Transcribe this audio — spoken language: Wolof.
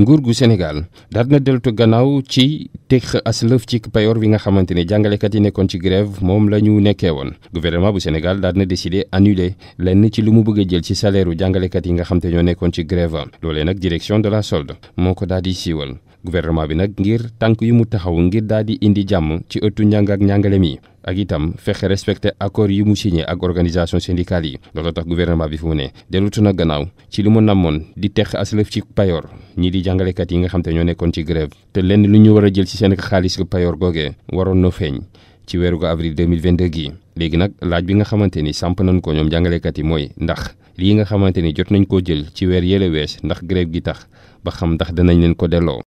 nguur gu Sénégal daal na deltu gannaaw ci tex aslëf ci payoor bi nga xamante ne jàngalekat yi nekkoon ci grève moom la ñu nekkee woon gouvernement bu Sénégal daal na décidé annuler lenn ci lu mu bëgg jël ci salaire u jàngalekat yi nga xam te ñoo nekkoon ci grève loolee nag direction de la solde moo ko daal di siiwal gouvernement bi nag ngir tànk yu mu taxaw ngir daal di indi jàmm ci ëttu njàng ak njàngale mi ak itam fexe respecté accord yi mu signé ak organisation syndicale yi loolu tax gouvernement bi fu mu ne dellutu na gannaaw ci li mu namoon di teq aslëf ci payoor ñii di jàngalekat yi nga xam te ñoo nekkoon ci grève te lenn lu ñu war jël ci seen xaalis payoor googee waroon na feeñ ci weeru ko avril 2022 gii léegi nag laaj bi nga xamante ni samp nañ ko ñoom jàngalekat yi mooy ndax lii nga xamante ni jot nañ koo jël ci weer yële wees ndax grève gi tax ba xam ndax danañ leen ko delloo